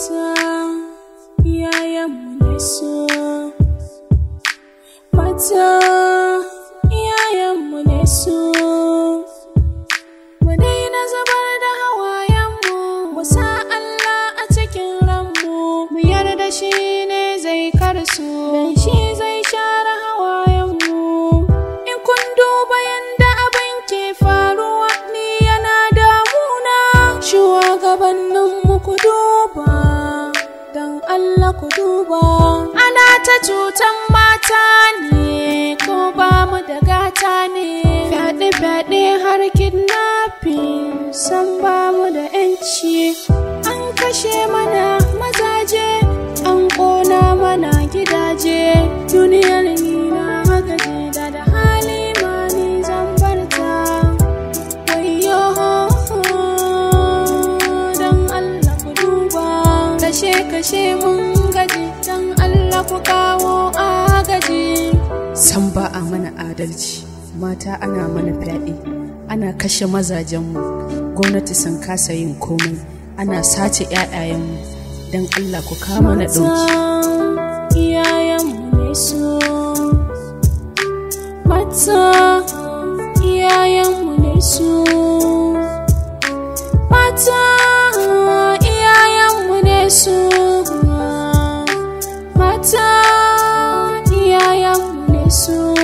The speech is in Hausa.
mata iyayenmu ne su mata iyayenmu na su. mu daina zubar da hawayenmu mu sa Allah a cikin ranmu mu yarda shi ne zai karso dan shi zai share hawayenmu in kun duba yadda abin ke faruwa ni yana damuna shugaban ta cutan mata ne ko ba mu da gata ne fyaɗe fyaɗe har kidnapping san ba mu da yanci an kashe mana mazaje an ƙona mana gidaje duniyar ni na da da hali ma ni zan barta wayo don Allah ku duba kashe kashe mun gaji don Allah ku kawo agaji san ba a mana adalci mata ana mana fyaɗe ana kashe mazajenmu gwamnati sun kasa yin komai ana sace 'ya'yayenmu don allah ku kama na ɗauki soon